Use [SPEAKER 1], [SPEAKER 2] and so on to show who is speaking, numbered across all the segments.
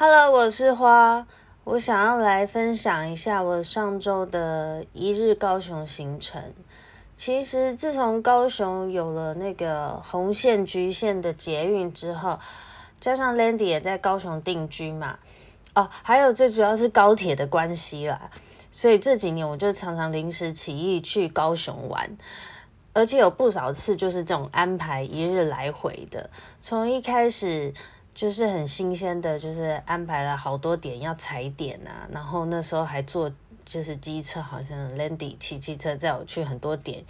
[SPEAKER 1] Hello，我是花，我想要來分享一下我上周的一日高雄行程。其實自從高雄有了那個紅線、橘線的捷運之後，加上 Landy 也在高雄定居嘛，哦，還有最主要是高鐵的關係啦，所以這幾年我就常常臨時起意去高雄玩，而且有不少次就是這種安排一日來回的，從一開始。就是很新鮮的，就是安排了好多點要踩點吶、啊，然後那時候還坐就是機車，好像 Landy 騎機車載我去很多點，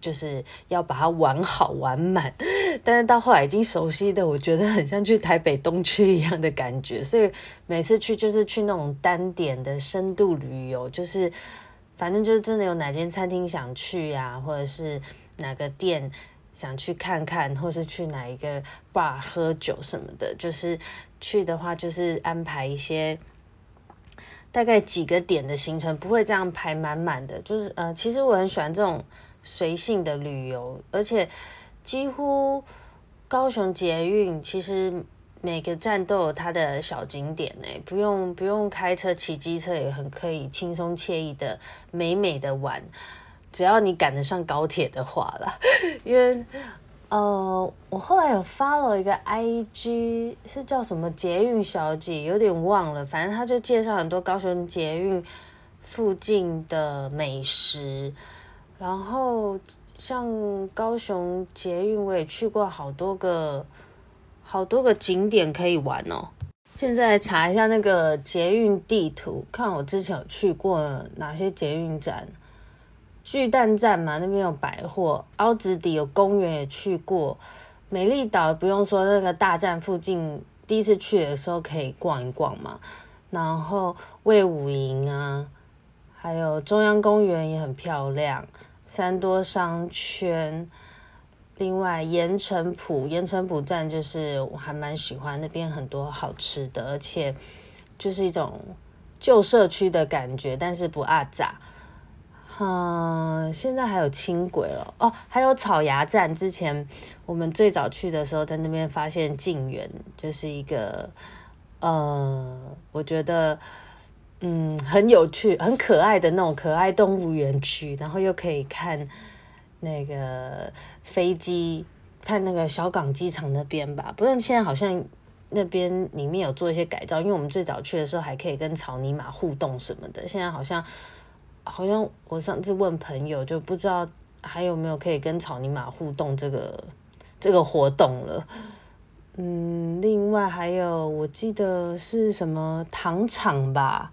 [SPEAKER 1] 就是要把它玩好玩滿。但是到後來已經熟悉的，我覺得很像去台北東區一樣的感覺，所以每次去就是去那種單點的深度旅遊，就是反正就是真的有哪間餐廳想去呀、啊，或者是哪個店。想去看看，或是去哪一個 bar 喝酒什麼的，就是去的話，就是安排一些大概幾個點的行程，不會這樣排滿滿的。就是呃，其實我很喜歡這種隨性的旅遊，而且幾乎高雄捷運其實每個站都有它的小景點，欸，哎，不用不用開車，騎機車也很可以輕鬆愜意的美美的玩。只要你趕得上高鐵的話啦，因為呃，我後來有發了一個 IG，是叫什麼捷運小姐，有點忘了。反正他就介紹很多高雄捷運附近的美食，然後像高雄捷運，我也去過好多個好多個景點可以玩哦。現在查一下那個捷運地圖，看我之前有去過哪些捷運站。巨蛋站嘛，那邊有百貨，凹子底有公園也去過，美麗島不用說，那個大站附近，第一次去的時候可以逛一逛嘛。然後衛武營啊，還有中央公園也很漂亮，三多商圈，另外鹽埕埔，鹽埕埔站就是我還蠻喜歡那邊很多好吃的，而且就是一種舊社區的感覺，但是不阿雜。嗯，現在還有輕軌了哦，還有草衙站。之前我們最早去的時候，在那邊發現淨園，就是一個呃，我覺得嗯很有趣、很可愛的那種可愛動物園區，然後又可以看那個飛機，看那個小港機場那邊吧。不過現在好像那邊裡面有做一些改造，因為我們最早去的時候還可以跟草泥馬互動什麼的，現在好像。好像我上次問朋友，就不知道還有沒有可以跟草泥馬互動這個這個活動了。嗯，另外還有我記得是什麼糖廠吧，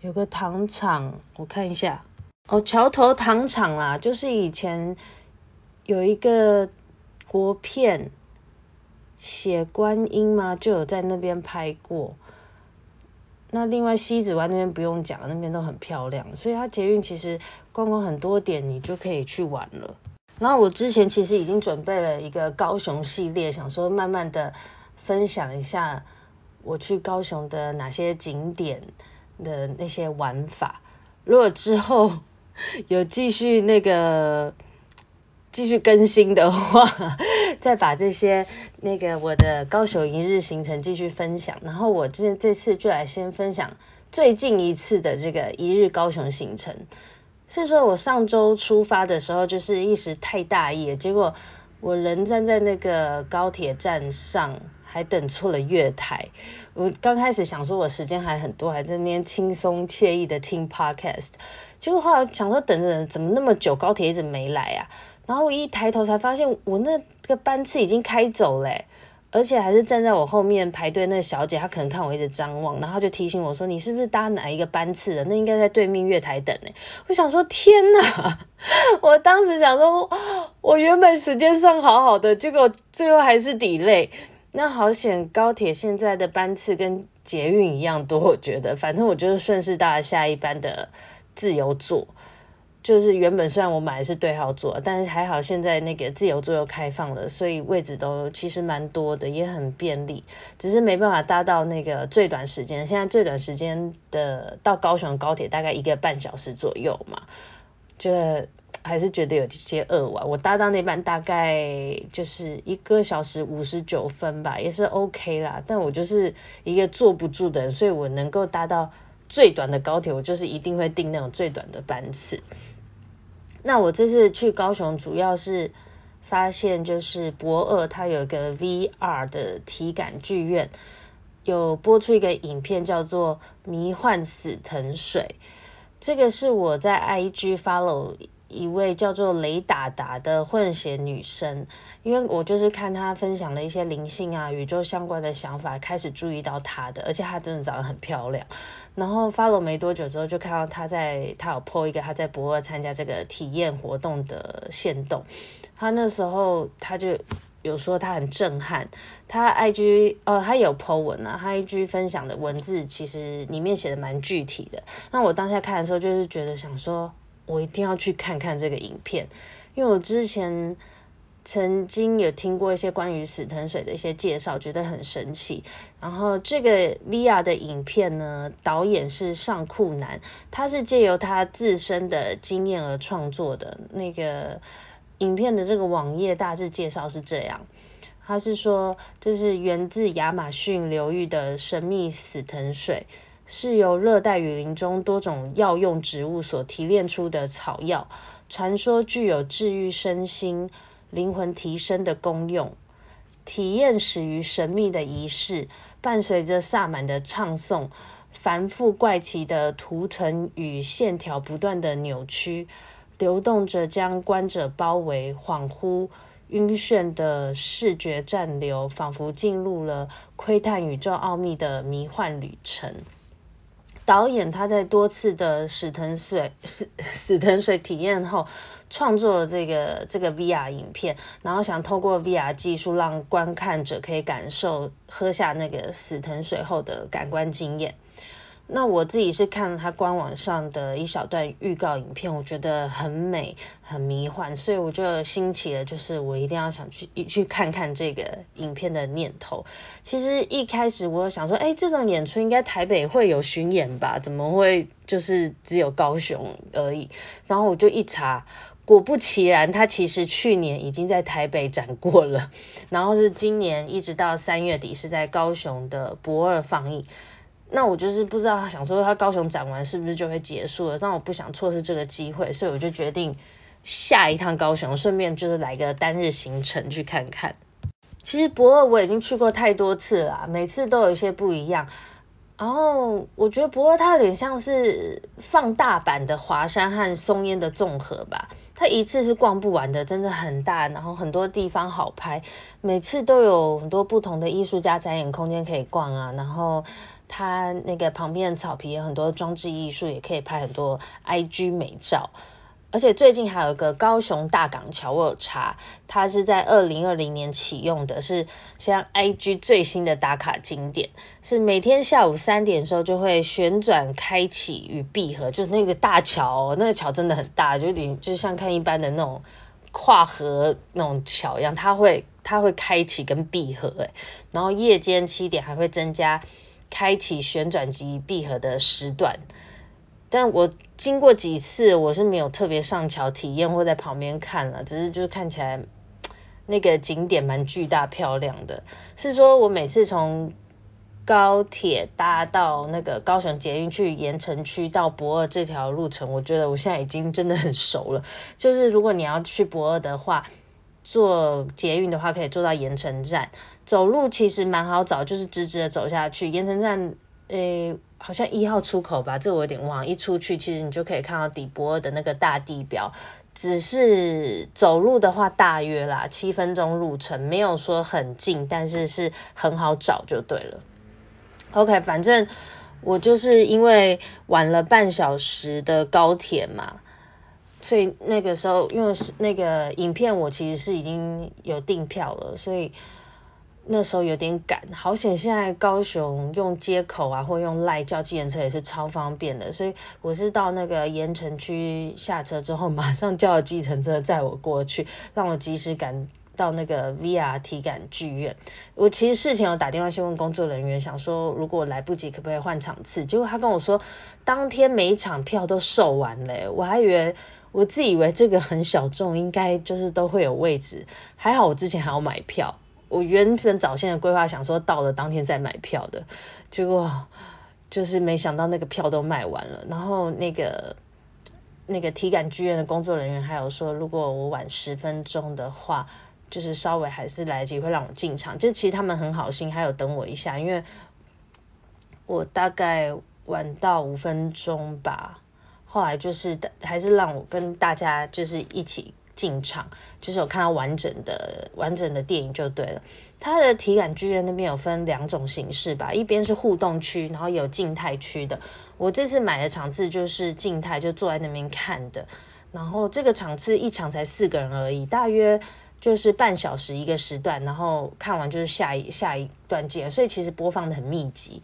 [SPEAKER 1] 有個糖廠，我看一下喔，哦，橋頭糖廠啦，就是以前有一個國片血觀音嘛，就有在那邊拍過。那另外西子灣那邊不用講，那邊都很漂亮，所以它捷運其實逛逛很多點，你就可以去玩了。然後我之前其實已經準備了一個高雄系列，想說慢慢的分享一下我去高雄的哪些景點的那些玩法。如果之後有繼續那個繼續更新的話，再把這些。那個我的高雄一日行程繼續分享，然後我今天這次就來先分享最近一次的這個一日高雄行程。是說，我上周出發的時候就是一時太大意，結果我人站在那個高鐵站上，還等錯了月台。我剛開始想說，我時間還很多，還在那邊輕鬆愜意的聽 podcast，結果後來想說，等着怎麼那麼久，高鐵一直沒來啊。然後我一抬頭才發現我那個班次已經開走了，而且還是站在我後面排隊那小姐，她可能看我一直張望，然後她就提醒我說：“你是不是搭哪一個班次的？那應該在對面月台等。”我想說天哪！我當時想說，我原本時間上好好的，結果最後還是 Delay。那好險，高鐵現在的班次跟捷運一樣多，我覺得反正我就順勢搭下一班的自由座。就是原本雖然我買的是對號座，但是還好現在那個自由座又開放了，所以位置都其實蠻多的，也很便利。只是沒辦法搭到那個最短時間，現在最短時間的到高雄高鐵大概一個半小時左右嘛，就還是覺得有些餓啊。我搭到那班大概就是一個小時五十九分吧，也是 OK 啦。但我就是一個坐不住的人，所以我能夠搭到最短的高鐵，我就是一定會訂那種最短的班次。那我這次去高雄，主要是發現就是駁二他有一個 VR 的體感劇院，有播出一個影片叫做《迷幻死藤水》。這個是我在 IG follow 一位叫做雷達達的混血女生，因為我就是看她分享了一些靈性啊、宇宙相關的想法，開始注意到她的，而且她真的長得很漂亮。然後 follow 沒多久之後，就看到他在他有 po 一個他在駁二參加這個體驗活動的限動，他那時候他就有說他很震撼，他 IG 哦，他有 po 文啊，他 IG 分享的文字其實裡面寫的蠻具體的，那我當下看的時候就是覺得想說我一定要去看看這個影片，因為我之前。曾經有聽過一些關於死藤水的一些介紹，覺得很神奇。然後這個 VR 的影片呢，導演是尚庫南，他是借由他自身的經驗而創作的。那個影片的這個網頁大致介紹是這樣：他是說，這是源自亞馬遜流域的神秘死藤水，是由熱帶雨林中多種藥用植物所提煉出的草藥，傳說具有治癒身心。靈魂提升的功用，體驗始於神秘的儀式，伴隨着薩滿的唱誦，繁複怪奇的圖騰與線條不斷的扭曲流動着，將觀者包圍，恍惚暈眩的視覺暫留，仿佛進入了窺探宇宙奧秘的迷幻旅程。導演他在多次的死藤水死死藤水體驗後，創作了這個這個 VR 影片，然後想透過 VR 技術讓觀看者可以感受喝下那個死藤水後的感官經驗。那我自己是看了他官網上的一小段預告影片，我覺得很美、很迷幻，所以我就興起了，就是我一定要想去去看看這個影片的念頭。其實一開始我想說，哎、欸，這種演出應該台北會有巡演吧？怎麼會就是只有高雄而已？然後我就一查，果不其然，他其實去年已經在台北展過了，然後是今年一直到三月底是在高雄的駁二放映。那我就是不知道他想說，他高雄展完是不是就會結束了？但我不想錯失這個機會，所以我就決定下一趟高雄，順便就是來個單日行程去看看。其實駁二我已經去過太多次了啊，每次都有一些不一樣。然後我覺得駁二它有點像是放大版的華山和松菸的綜合吧，它一次是逛不完的，真的很大，然後很多地方好拍，每次都有很多不同的藝術家展演空間可以逛啊，然後。它那個旁邊的草皮有很多裝置藝術，也可以拍很多 IG 美照。而且最近還有一個高雄大港橋，我有查它是在二零二零年啟用的，是像 IG 最新的打卡景點。是每天下午三點的時候就會旋轉開啟與閉合，就是那個大橋，那個橋真的很大，就點就像看一般的那種跨河那種橋一樣，它會它會開啟跟閉合，欸，誒，然後夜間七點還會增加。開啟旋轉及閉合的時段，但我經過幾次，我是沒有特別上橋體驗或在旁邊看了，只是就是看起來那個景點蠻巨大漂亮的。是說，我每次從高鐵搭到那個高雄捷運去鹽埕區到駁二這條路程，我覺得我現在已經真的很熟了。就是如果你要去駁二的話。坐捷運的話，可以坐到鹽埕站。走路其實蠻好找，就是直直的走下去。鹽埕站，誒、欸，好像一號出口吧，這我有點忘。一出去，其實你就可以看到駁二的那個大地標。只是走路的話，大約啦七分鐘路程，沒有說很近，但是是很好找就對了。OK，反正我就是因為晚了半小時的高鐵嘛。所以那個時候，因為是那個影片，我其實是已經有訂票了，所以那時候有點趕，好險！現在高雄用街口啊，或用賴叫計程車也是超方便的，所以我是到那個鹽埕區下車之後，馬上叫了計程車載我過去，讓我及時趕到那個 VR 體感劇院。我其實事前有打電話去問工作人員，想說如果來不及，可不可以換場次？結果他跟我說，當天每一場票都售完了欸，我還以為。我自以為這個很小眾，應該就是都會有位置。還好我之前還要買票，我原本早先的規劃想說到了當天再買票的，結果就是沒想到那個票都賣完了。然後那個那個體感劇院的工作人員還有說，如果我晚十分鐘的話，就是稍微還是來得及會讓我進場。就其實他們很好心，還有等我一下，因為我大概晚到五分鐘吧。後來就是，還是讓我跟大家就是一起進場，就是有看到完整的完整的電影就對了。它的體感劇院那邊有分兩種形式吧，一邊是互動區，然後有靜態區的。我這次買的場次就是靜態，就坐在那邊看的。然後這個場次一場才四個人而已，大約就是半小時一個時段，然後看完就是下一下一段接，所以其實播放得很密集。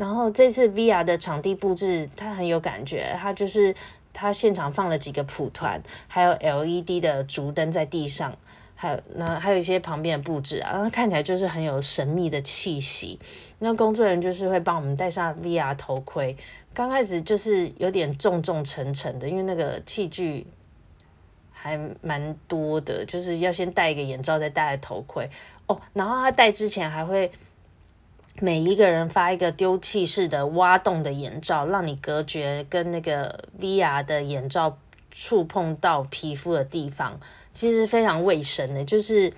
[SPEAKER 1] 然後這次 V R 的場地布置，它很有感覺。它就是它現場放了幾個蒲團，還有 L E D 的竹燈在地上，還有那還有一些旁邊的布置啊，然後看起來就是很有神秘的氣息。那工作人員就是會幫我們戴上 V R 頭盔，剛開始就是有點重重沉沉的，因為那個器具還蠻多的，就是要先戴一個眼罩，再戴頭盔哦。然後他戴之前還會。每一個人發一個丟棄式的挖洞的眼罩，讓你隔絕跟那個 VR 的眼罩觸碰到皮膚的地方，其實非常衛生的。就是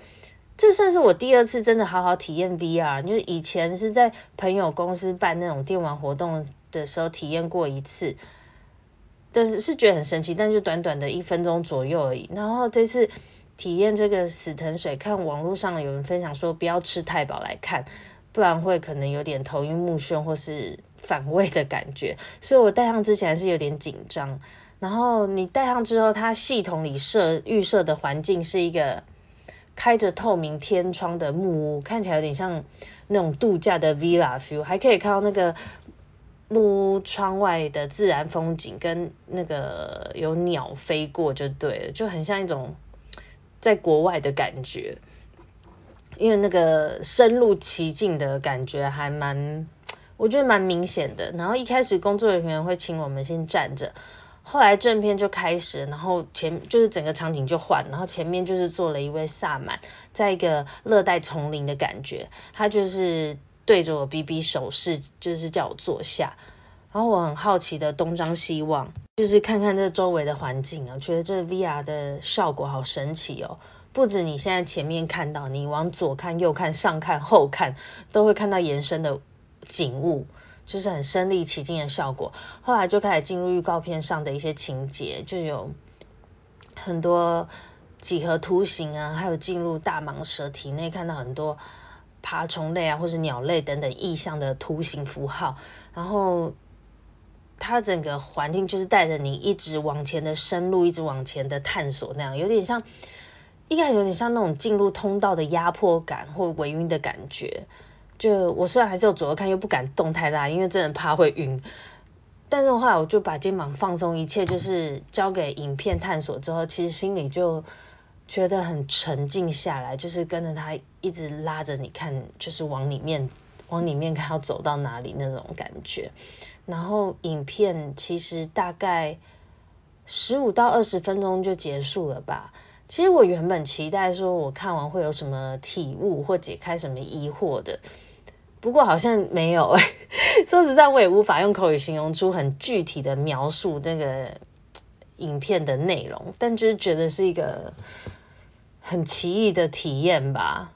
[SPEAKER 1] 這算是我第二次真的好好體驗 VR，就是以前是在朋友公司辦那種電玩活動的時候體驗過一次，但、就是是覺得很神奇，但就短短的一分鐘左右而已。然後這次體驗這個死藤水，看網絡上有人分享說不要吃太飽來看。不然會可能有點頭暈目眩或是反胃的感覺，所以我戴上之前是有點緊張。然後你戴上之後，它系統裡設預設的環境是一個開着透明天窗的木屋，看起來有點像那種度假的 villa view，還可以看到那個木屋窗外的自然風景，跟那個有鳥飛過就對了，就很像一種在國外的感覺。因為那個深入其境的感覺還蠻，我覺得蠻明顯的。然後一開始工作人員會請我們先站着，後來正片就開始，然後前就是整個場景就換，然後前面就是坐了一位薩滿，在一個熱帶叢林的感覺，他就是對着我比比手勢，就是叫我坐下。然後我很好奇的東張西望，就是看看這周圍的環境啊，覺得這 VR 的效果好神奇哦。不止你現在前面看到，你往左看、右看、上看、後看，都會看到延伸的景物，就是很身臨其境的效果。後來就開始進入預告片上的一些情節，就有很多幾何圖形啊，還有進入大蟒蛇體內看到很多爬蟲類啊，或者鳥類等等意象的圖形符號。然後它整個環境就是帶着你一直往前的深入，一直往前的探索，那樣有點像。應該有點像那種進入通道的壓迫感，或微暈的感覺。就我雖然還是有左右看，又不敢動太大，因為真的怕會暈。但是的話，我就把肩膀放鬆，一切就是交給影片探索之後，其實心裡就覺得很沉靜下來，就是跟着他一直拉着你看，就是往裡面、往裡面看，要走到哪裡那種感覺。然後影片其實大概十五到二十分鐘就結束了吧。其實我原本期待說，我看完會有什麼體悟或解開什麼疑惑的，不過好像沒有。誒。說實在，我也無法用口語形容出很具體的描述那個影片的內容，但就是覺得是一個很奇異的體驗吧。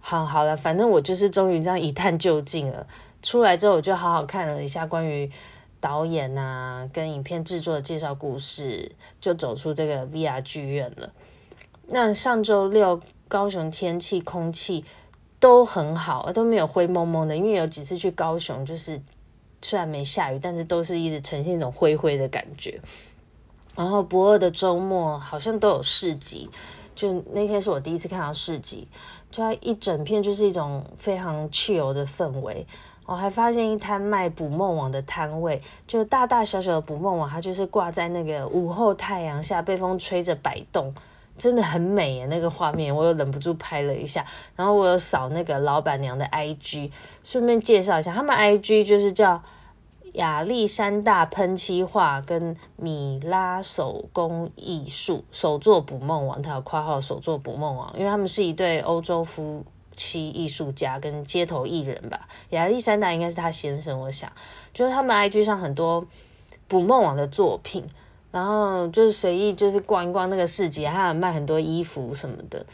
[SPEAKER 1] 好，好了，反正我就是終於這樣一探究竟了。出來之後，我就好好看了一下關於。導演啊，跟影片製作的介紹故事，就走出這個 VR 劇院了。那上周六，高雄天氣、空氣都很好，都沒有灰蒙蒙的。因為有幾次去高雄，就是雖然沒下雨，但是都是一直呈現一種灰灰的感覺。然後駁二的周末好像都有市集，就那天是我第一次看到市集，就它一整片就是一種非常 chill 的氛圍。我、哦、還發現一攤賣捕夢網的攤位，就大大小小的捕夢網，它就是掛在那個午後太陽下，被風吹着擺動，真的很美耶，那個畫面，我又忍不住拍了一下。然後我又掃那個老闆娘的 IG，順便介紹一下，他們 IG 就是叫亞歷山大噴漆畫跟米拉手工藝術手作捕夢網，他有括號手作捕夢網，因為他們是一對歐洲夫。七藝術家跟街頭藝人吧，亞歷山大應該是他先生，我想就是他們 I G 上很多捕夢網的作品，然後就是隨意就是逛一逛那個市集，他還有賣很多衣服什麼的，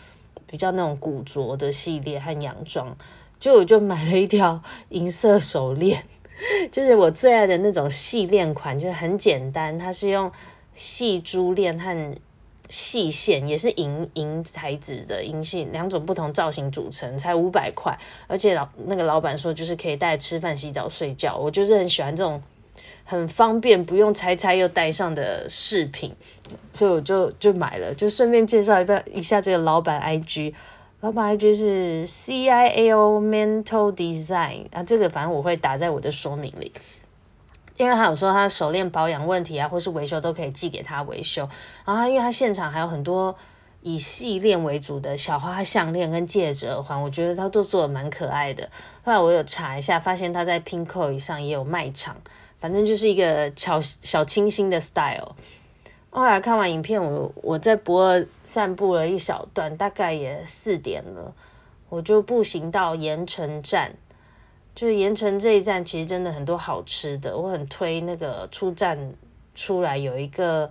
[SPEAKER 1] 比較那種古着的系列，和洋裝，就我就買了一條銀色手鏈，就是我最愛的那種細鏈款，就是很簡單，它是用細珠鏈和。細線也是銀銀材質的銀線，兩種不同造型組成，才五百塊。而且老那個老闆說，就是可以帶吃飯、洗澡、睡覺。我就是很喜歡這種很方便不用拆拆又戴上的飾品，所以我就就買了。就順便介紹一個一下這個老闆 IG，老闆 IG 是 CIAO Metal Design 啊，這個反正我會打在我的說明裡。因為他有說他手鏈保養問題啊，或是維修都可以寄給他維修。然後他因為他現場還有很多以細鏈為主的小花項鏈跟戒指耳環，我覺得他都做的蠻可愛的。後來我有查一下，發現他在 Pinkoi 以上也有賣場，反正就是一個小小清新的 style。後來看完影片，我我在駁二散步了一小段，大概也四點了，我就步行到鹽埕站。就是鹽埕這一站，其實真的很多好吃的，我很推那個出站出來有一個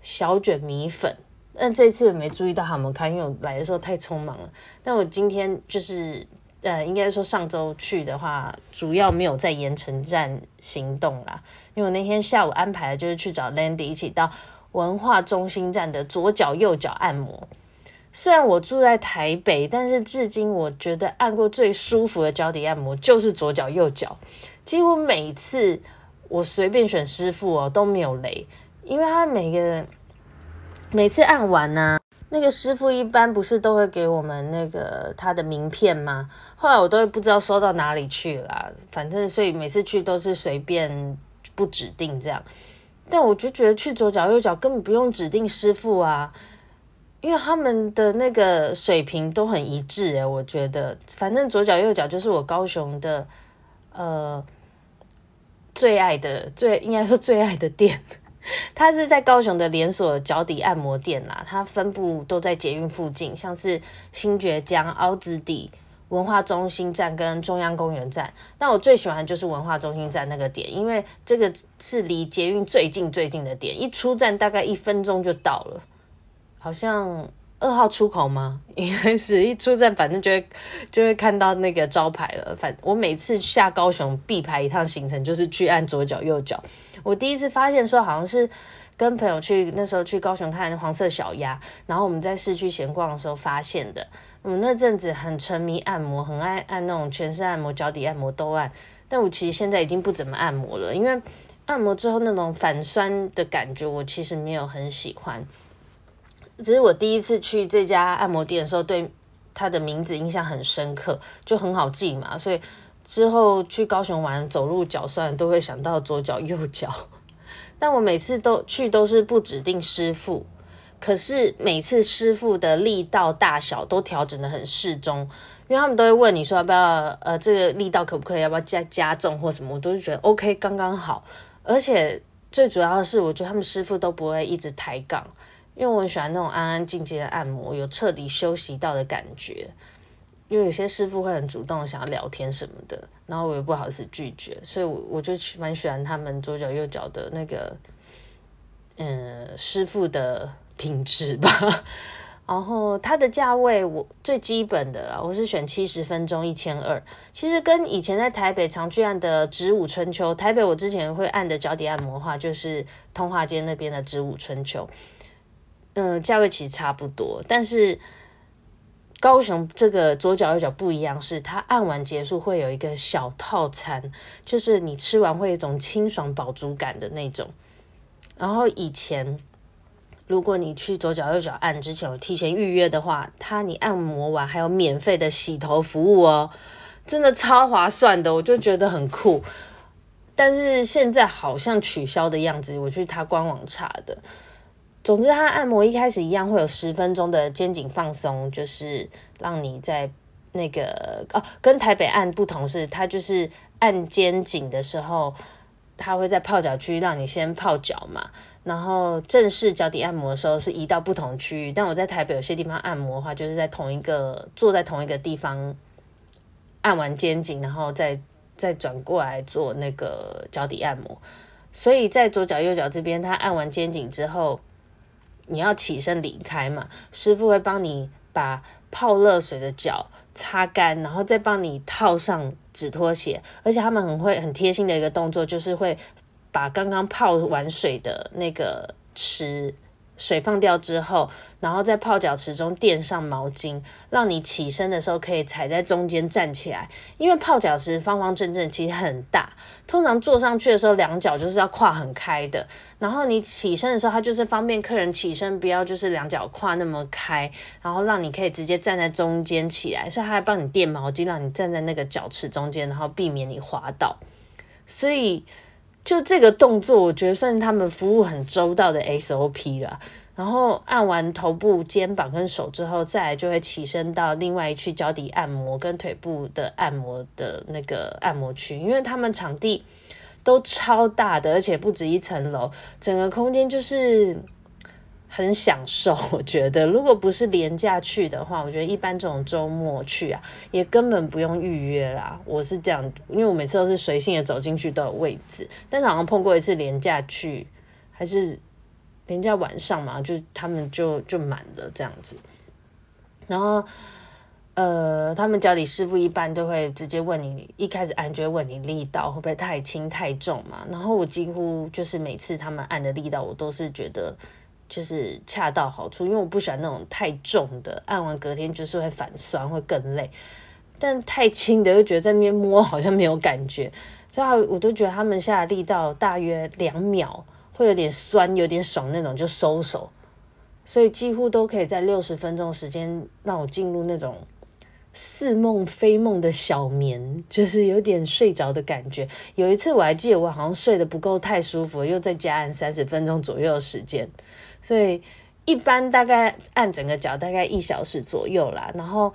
[SPEAKER 1] 小卷米粉，但這次也沒注意到他們開，因為我來的時候太匆忙了。但我今天就是，呃，應該說上周去的話，主要沒有在鹽埕站行動啦，因為我那天下午安排的就是去找 Landy 一起到文化中心站的左腳右腳按摩。雖然我住在台北，但是至今我覺得按過最舒服的腳底按摩就是左腳右腳，幾乎每次我隨便選師傅哦都沒有雷，因為他每個每次按完呢、啊，那個師傅一般不是都會給我們那個他的名片嗎？後來我都會不知道收到哪裡去啦。反正所以每次去都是隨便不指定這樣，但我就覺得去左腳右腳根本不用指定師傅啊。因為他們的那個水平都很一致哎，我覺得反正左腳右腳就是我高雄的呃最愛的最應該說最愛的店， 它是在高雄的連鎖腳底按摩店啦，它分布都在捷運附近，像是新崛江、凹子底、文化中心站跟中央公園站。但我最喜歡就是文化中心站那個點，因為這個是離捷運最近最近的點，一出站大概一分鐘就到了。好像二號出口嗎？應該是一出站，反正就會就會看到那個招牌了。反我每次下高雄必排一趟行程，就是去按左腳右腳。我第一次發現的時候好像是跟朋友去那時候去高雄看黃色小鴨，然後我們在市區閒逛的時候發現的。我那陣子很沉迷按摩，很愛按那種全身按摩、腳底按摩都按。但我其實現在已經不怎麼按摩了，因為按摩之後那種反酸的感覺，我其實沒有很喜歡。只是我第一次去這家按摩店的時候，對他的名字印象很深刻，就很好記嘛。所以之後去高雄玩，走路腳酸都會想到左腳、右腳。但我每次都去都是不指定師傅，可是每次師傅的力道大小都調整得很適中，因為他們都會問你說要不要呃這個力道可不可以要不要加加重或什麼，我都是覺得 OK 剛剛好。而且最主要的是，我覺得他們師傅都不會一直抬槓。因為我很喜歡那種安安靜靜的按摩，有徹底休息到的感覺。因為有些師傅會很主動想要聊天什麼的，然後我又不好意思拒絕，所以我，我我就蠻喜歡他們左腳右腳的那個，嗯，師傅的品質吧。 然後它的價位我，我最基本的啦，我是選七十分鐘一千二。其實跟以前在台北常去按的《指舞春秋》，台北我之前會按的腳底按摩的話，就是通化街那邊的《指舞春秋》。嗯，價位其實差不多，但是高雄這個左腳右腳不一樣是，是它按完結束會有一個小套餐，就是你吃完會有一種清爽飽足感的那種。然後以前如果你去左腳右腳按之前，有提前預約的話，它你按摩完還有免費的洗頭服務哦，真的超划算的，我就覺得很酷。但是現在好像取消的樣子，我去它官網查的。總之，他按摩一開始一樣會有十分鐘的肩頸放鬆，就是讓你在那個哦，跟台北按不同是，他就是按肩頸的時候，他會在泡腳區讓你先泡腳嘛，然後正式腳底按摩的時候是移到不同區域。但我在台北有些地方按摩的話，就是在同一個坐在同一個地方按完肩頸，然後再再轉過來做那個腳底按摩，所以在左腳右腳這邊，他按完肩頸之後。你要起身離開嘛，師傅會幫你把泡熱水的腳擦乾，然後再幫你套上紙拖鞋。而且他們很會、很貼心的一個動作，就是會把剛剛泡完水的那個池。水放掉之後，然後在泡腳池中墊上毛巾，讓你起身的時候可以踩在中間站起來。因為泡腳池方方正正，其實很大，通常坐上去的時候兩腳就是要跨很開的。然後你起身的時候，它就是方便客人起身，不要就是兩腳跨那麼開，然後讓你可以直接站在中間起來。所以他還幫你墊毛巾，讓你站在那個腳池中間，然後避免你滑倒。所以。就這個動作，我覺得算是他們服務很周到的 SOP 啦。然後按完頭部、肩膀跟手之後，再來就會起身到另外一區腳底按摩跟腿部的按摩的那個按摩區。因為他們場地都超大的，而且不止一層樓，整個空間就是。很享受，我覺得，如果不是連假去的話，我覺得一般這種周末去啊，也根本不用預約啦。我是這樣，因為我每次都是隨性的走進去都有位置，但是好像碰過一次連假去，還是連假晚上嘛，就他們就就滿了這樣子。然後，呃，他們腳底師傅一般都會直接問你，一開始按覺問你力道會不會太輕太重嘛。然後我幾乎就是每次他們按的力道，我都是覺得。就是恰到好處，因為我不喜歡那種太重的，按完隔天就是會反酸，會更累。但太輕的又覺得在那邊摸好像沒有感覺，所以我都覺得他們下的力道大約兩秒，會有點酸，有點爽那種就收手。所以幾乎都可以在六十分鐘時間讓我進入那種似夢非夢的小眠，就是有點睡着的感覺。有一次我還記得我好像睡得不夠太舒服，又再加按三十分鐘左右的時間。所以一般大概按整個腳大概一小時左右啦，然後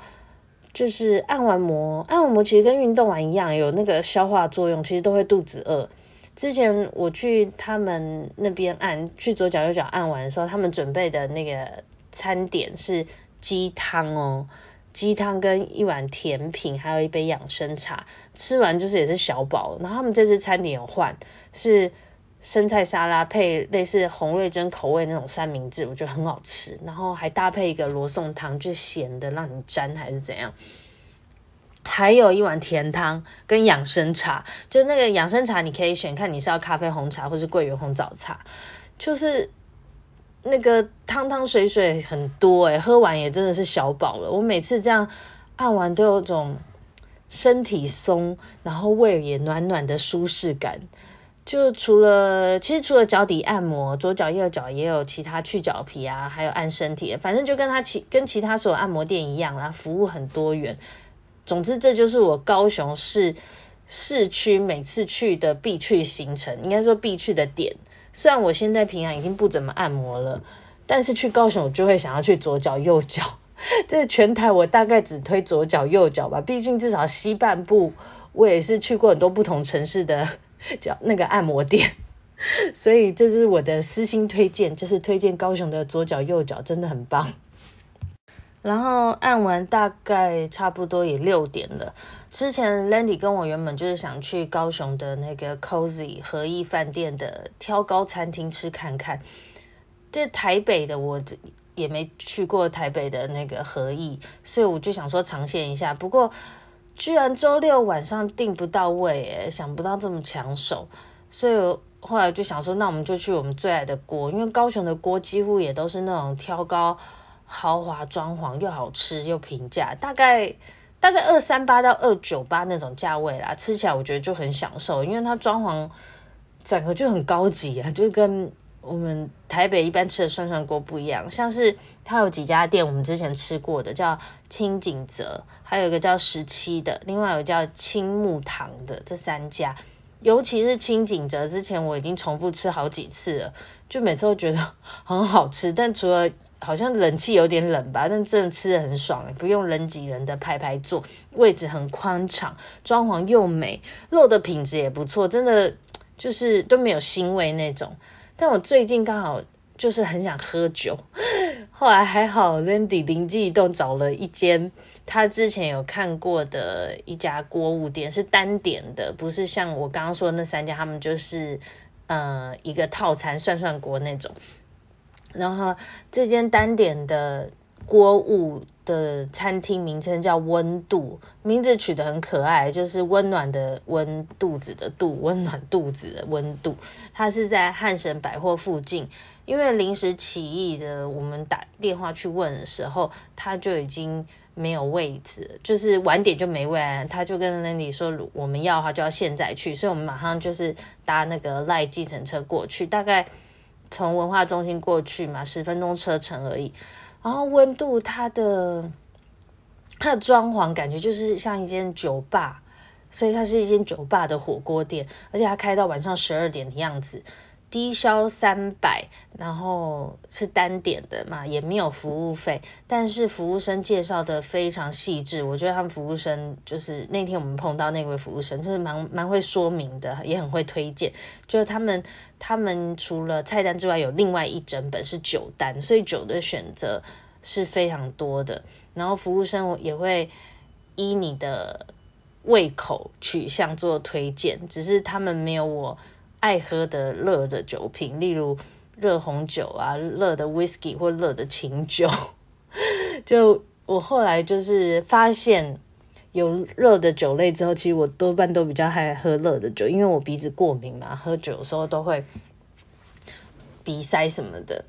[SPEAKER 1] 就是按完摩，按完摩其實跟運動完一樣，有那個消化作用，其實都會肚子餓。之前我去他們那邊按，去左腳右腳按完的時候，他們準備的那個餐點是雞湯哦，雞湯跟一碗甜品，還有一杯養生茶，吃完就是也是小飽。然後他們這次餐點有換，是。生菜沙拉配類似洪瑞珍口味那種三明治，我覺得很好吃。然後還搭配一個羅宋湯，就鹹的讓你沾還是怎樣。還有一碗甜湯跟養生茶，就那個養生茶你可以選，看你是要咖啡紅茶或是桂圓紅棗茶。就是那個湯湯水水很多哎、欸，喝完也真的是小飽了。我每次這樣按完都有種身體鬆，然後胃也暖暖的舒適感。就除了，其實除了腳底按摩，左腳右腳也有其他去腳皮啊，還有按身體，反正就跟他其跟其他所有按摩店一樣啦，服務很多元。總之，這就是我高雄市市區每次去的必去行程，應該說必去的點。雖然我現在平常已經不怎麼按摩了，但是去高雄我就會想要去左腳右腳。這全臺我大概只推左腳右腳吧，畢竟至少西半部我也是去過很多不同城市的。叫那個按摩店， 所以這是我的私心推薦，就是推薦高雄的左腳右腳真的很棒。然後按完大概差不多也六點了，之前 Landy 跟我原本就是想去高雄的那個 Cozy 和逸飯店的挑高餐廳吃看看，這台北的我也沒去過台北的那個和逸，所以我就想說嘗鮮一下，不過。居然週六晚上訂不到位，欸，想不到這麼搶手，所以後來就想說，那我們就去我們最愛的鍋，因為高雄的鍋幾乎也都是那種挑高、豪華裝潢，又好吃又平價，大概大概二三八到二九八那種價位啦。吃起來我覺得就很享受，因為它裝潢整個就很高級啊，就跟我們台北一般吃的涮涮鍋不一樣。像是它有幾家店我們之前吃過的，叫清景澤。還有一個叫十七的，另外有叫青木堂的，這三家，尤其是青井澤之前我已經重複吃好幾次了，就每次都覺得很好吃。但除了好像冷氣有點冷吧，但真的吃得很爽，不用人擠人的排排坐，位置很寬敞，裝潢又美，肉的品質也不錯，真的就是都沒有腥味那種。但我最近剛好。就是很想喝酒，後來還好，Landy 靈機一動，找了一間他之前有看過的一家鍋物店，是單點的，不是像我剛剛說的那三家，他們就是、呃、一個套餐涮涮鍋那種。然後這間單點的鍋物的餐廳名稱叫溫度，名字取得很可愛，就是溫暖的溫肚子的肚，溫暖肚子的溫度。它是在漢神百貨附近。因為臨時起意的，我們打電話去問的時候，他就已經沒有位置，就是晚點就沒位。他就跟那裡說，我們要的話就要現在去，所以我們馬上就是搭那個賴計程車過去，大概從文化中心過去嘛，十分鐘車程而已。然後溫肚它，它的它的裝潢感覺就是像一間酒吧，所以它是一間酒吧的火鍋店，而且它開到晚上十二點的樣子。低消三百，然後是單點的嘛，也沒有服務費，但是服務生介紹得非常細緻。我覺得他們服務生就是那天我們碰到那位服務生，就是蠻蠻會說明的，也很會推薦。就是他們他們除了菜單之外，有另外一整本是酒單，所以酒的選擇是非常多的。然後服務生也會依你的胃口取向做推薦，只是他們沒有我。愛喝的熱的酒品，例如熱紅酒啊、熱的 whisky 或熱的清酒。 就我後來就是發現有熱的酒類之後，其實我多半都比較愛喝熱的酒，因為我鼻子過敏嘛、啊，喝酒的時候都會鼻塞什麼的，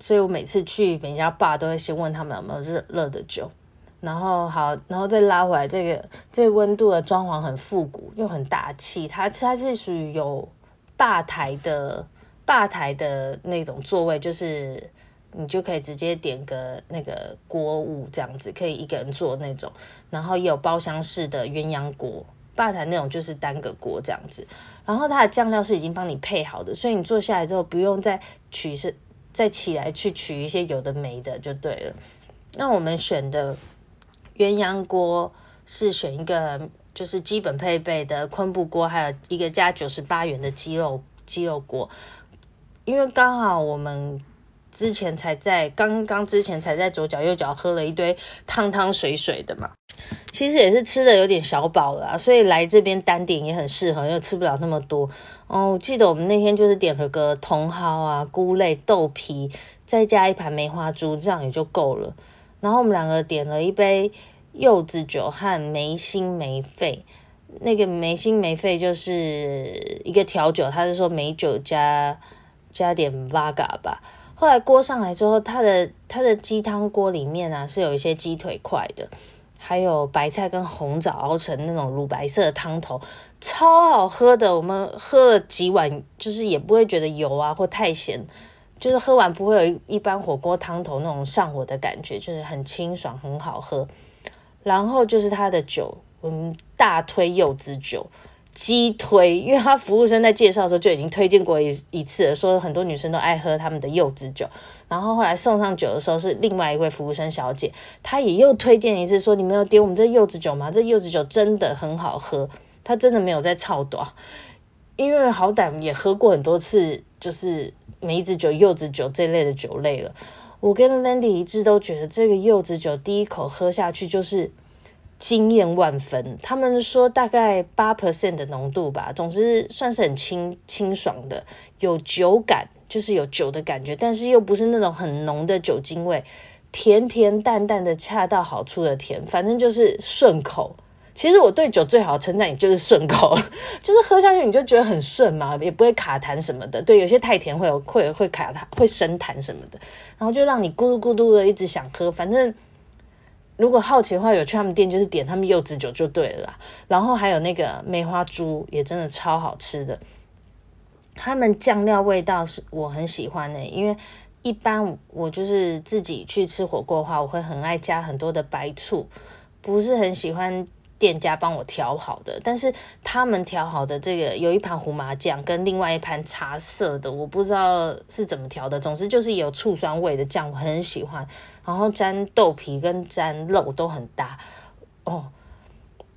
[SPEAKER 1] 所以我每次去每家 bar 都會先問他們有沒有熱熱的酒。然後好，然後再拉回來，這個這個、溫肚的裝潢很復古又很大氣，它它是屬於有吧台的吧台的那種座位，就是你就可以直接點個那個鍋物這樣子，可以一個人坐那種。然後也有包廂式的鴛鴦鍋，吧台那種就是單個鍋這樣子。然後它的醬料是已經幫你配好的，所以你坐下來之後不用再取是再起來去取一些有的沒的就對了。那我們選的。鴛鴦鍋是選一個，就是基本配備的昆布鍋，還有一個加九十八元的雞肉雞肉鍋，因為剛好我們之前才在剛剛之前才在左腳右腳喝了一堆湯湯水水的嘛，其實也是吃的有點小飽了啊，所以來這邊單點也很適合，又吃不了那麼多。哦，記得我們那天就是點了個茼蒿啊、菇類、豆皮，再加一盤梅花豬，這樣也就夠了。然後我們兩個點了一杯柚子酒和沒心沒肺，那個沒心沒肺就是一個調酒，他是說美酒加加點八嘎吧。後來鍋上來之後，它的它的雞湯鍋裡面啊是有一些雞腿塊的，還有白菜跟紅棗熬成那種乳白色的湯頭，超好喝的。我們喝了幾碗，就是也不會覺得油啊或太鹹。就是喝完不會有一般火鍋湯頭那種上火的感覺，就是很清爽，很好喝。然後就是他的酒，我們大推柚子酒，激推，因為他服務生在介紹的時候就已經推薦過一一次了，說很多女生都愛喝他們的柚子酒。然後後來送上酒的時候是另外一位服務生小姐，她也又推薦一次說，說你們有點我們這柚子酒嗎？這柚子酒真的很好喝，她真的沒有在操多，因為好歹也喝過很多次，就是。梅子酒、柚子酒這類的酒類了，我跟 Landy 一致都覺得這個柚子酒第一口喝下去就是驚艷萬分。他們說大概八 percent 的濃度吧，總之算是很清清爽的，有酒感，就是有酒的感覺，但是又不是那種很濃的酒精味，甜甜淡淡的，恰到好處的甜，反正就是順口。其實我對酒最好的稱讚也就是順口，就是喝下去你就覺得很順嘛，也不會卡痰什麼的。對，有些太甜會有會會卡痰，會生痰什麼的，然後就讓你咕嘟咕嘟的一直想喝。反正如果好奇的話，有去他們店就是點他們柚子酒就對了。然後還有那個梅花豬也真的超好吃的，他們醬料味道是我很喜歡的。欸，因為一般我就是自己去吃火鍋的話，我會很愛加很多的白醋，不是很喜歡。店家幫我調好的，但是他們調好的這個有一盤胡麻醬跟另外一盤茶色的，我不知道是怎麼調的。總之就是有醋酸味的醬，我很喜歡。然後沾豆皮跟沾肉都很搭哦。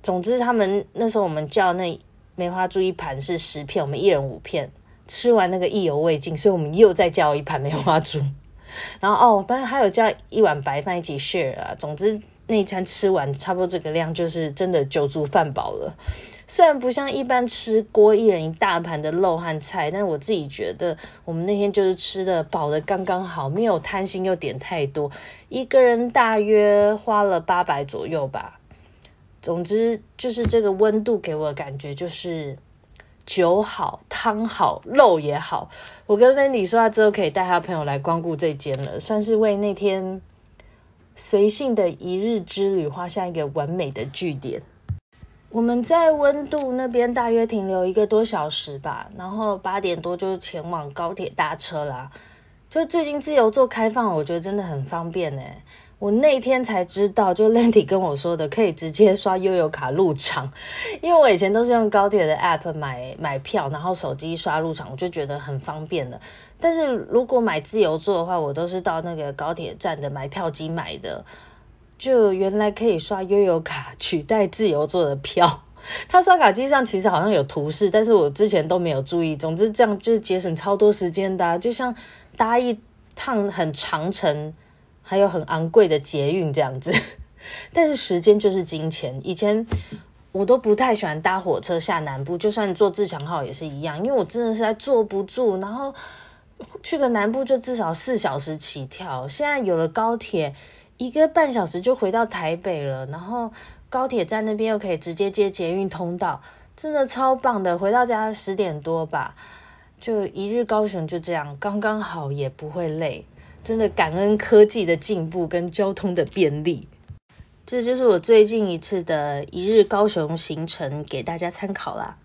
[SPEAKER 1] 總之他們那時候我們叫那梅花豬一盤是十片，我們一人五片，吃完那個意猶未盡，所以我們又再叫一盤梅花豬。然後哦，反正還有叫一碗白飯一起 share 啊。總之。那一餐吃完，差不多這個量就是真的酒足飯飽了。雖然不像一般吃鍋一人一大盤的肉和菜，但我自己覺得我們那天就是吃得飽得剛剛好，沒有貪心又點太多。一個人大約花了八百左右吧。總之就是這個溫肚給我的感覺就是酒好、湯好、肉也好。我跟迪說，他之後可以帶他朋友來光顧這間了，算是為那天。隨性的一日之旅，畫下一個完美的句點。我們在溫度那邊大約停留一個多小時吧，然後八點多就前往高鐵搭車啦。就最近自由做開放，我覺得真的很方便呢、欸。我那天才知道，就 l e n d y 跟我說的，可以直接刷悠遊卡入場，因為我以前都是用高鐵的 App 買買票，然後手機刷入場，我就覺得很方便的。但是如果買自由座的話，我都是到那個高鐵站的買票機買的。就原來可以刷悠遊卡取代自由座的票，它刷卡機上其實好像有圖示，但是我之前都沒有注意。總之這樣就節省超多時間的啊，就像搭一趟很長程還有很昂貴的捷運這樣子。但是時間就是金錢，以前我都不太喜歡搭火車下南部，就算坐自強號也是一樣，因為我真的是在坐不住，然後。去個南部就至少四小時起跳，現在有了高鐵，一個半小時就回到台北了。然後高鐵站那邊又可以直接接捷運通道，真的超棒的。回到家十點多吧，就一日高雄就這樣，剛剛好也不會累。真的感恩科技的進步跟交通的便利。這就是我最近一次的一日高雄行程，給大家參考啦。